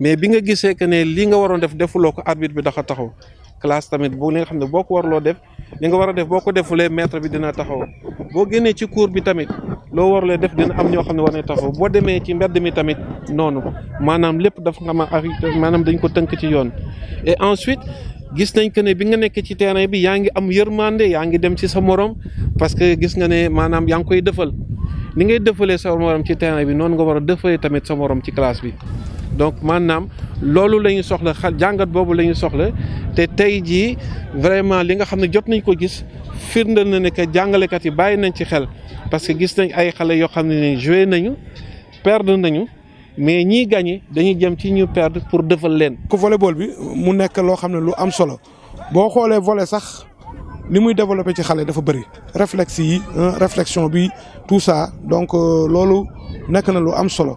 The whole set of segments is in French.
mais bi nga gisee que ne li nga waroon def defuloo ko arbitre bi dafa taxaw classe tamit boo li nga xam ne boo ko warloo def li nga war a def boo ko defulee maître bi dina taxaw boo génnee ci cours bi tamit loo warlee def dina am ñoo xam ne war na taxaw boo demee ci mbedd mi tamit noonu maanaam lépp dafa nga ma maanaam dañ ko tënk ci yoon et ensuite gis nañ que ne bi nga nekk ci terrain bi yaa ngi am yërmande yaa ngi dem ci sa morom parce que gis nga ne maanaam yaa ngi koy dëfal ni ngay dëfalee sa morom ci terrain bi noonu nga war a dëfalee tamit sa morom ci classe bi donc manam lolou lañu soxla jangat bobu lañu soxla té tey vraiment li nga xamné ne jot nañ ko gis firndal na ne jangalé kat yi bàyyi nañ ci xel parce que gis nañ ay xalé yo, xamné ne ni joué nañu perdre nañu mais ñi gagné dañuy jëm ci ñu perdre pour defal leen. ko volleyball bi mu nek lo xamné ne lu am solo bo xolé volley sax ni muy développer ci xalé dafa bëri réflexe yi hein, réflexion bi tout ça donc euh, lolou nek na lu am solo.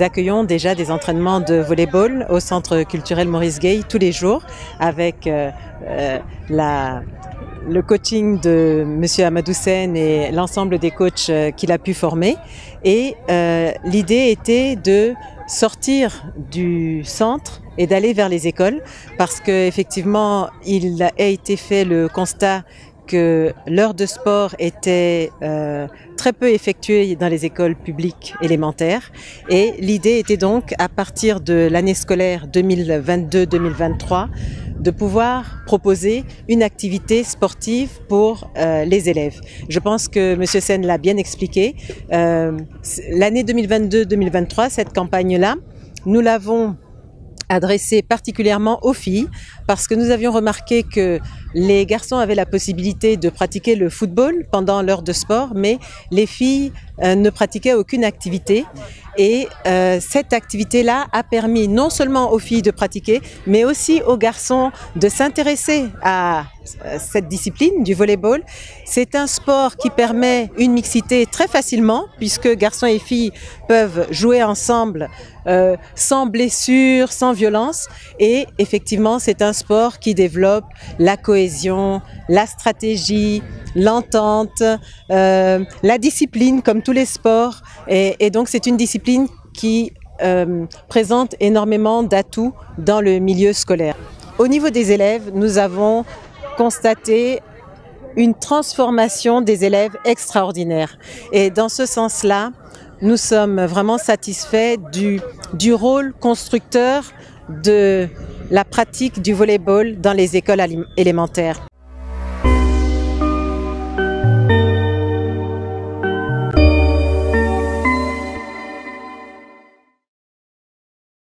accueillons déjà des entraînements de volleyball au centre culturel Maurice Gay tous les jours avec euh, euh, la, le coaching de Monsieur Amadou Sen et l'ensemble des coachs euh, qu'il a pu former. Et l'idée était de sortir du centre et d'aller vers les écoles parce que effectivement il a été fait le constat que l'heure de sport était euh, très peu effectuée dans les écoles publiques élémentaires et l'idée était donc à partir de l'année scolaire 2022-2023 de pouvoir proposer une activité sportive pour euh, les élèves. Je pense que M. Sen l'a bien expliqué. Euh, l'année 2022-2023, cette campagne-là, nous l'avons adressé particulièrement aux filles parce que nous avions remarqué que les garçons avaient la possibilité de pratiquer le football pendant l'heure de sport, mais les filles euh, ne pratiquait aucune activité. Et euh, cette activité-là a permis non seulement aux filles de pratiquer, mais aussi aux garçons de s'intéresser à euh, cette discipline du volleyball. C'est un sport qui permet une mixité très facilement, puisque garçons et filles peuvent jouer ensemble sans blessure, sans violence. Et effectivement, c'est un sport qui développe la cohésion, la stratégie, l'entente, euh, la discipline comme tous les sports. Et, donc c'est une discipline qui euh, présente énormément d'atouts dans le milieu scolaire. Au niveau des élèves, nous avons constaté une transformation des élèves extraordinaire. Et dans ce sens-là, nous sommes vraiment satisfaits du, du rôle constructeur de la pratique du volleyball dans les écoles élémentaires.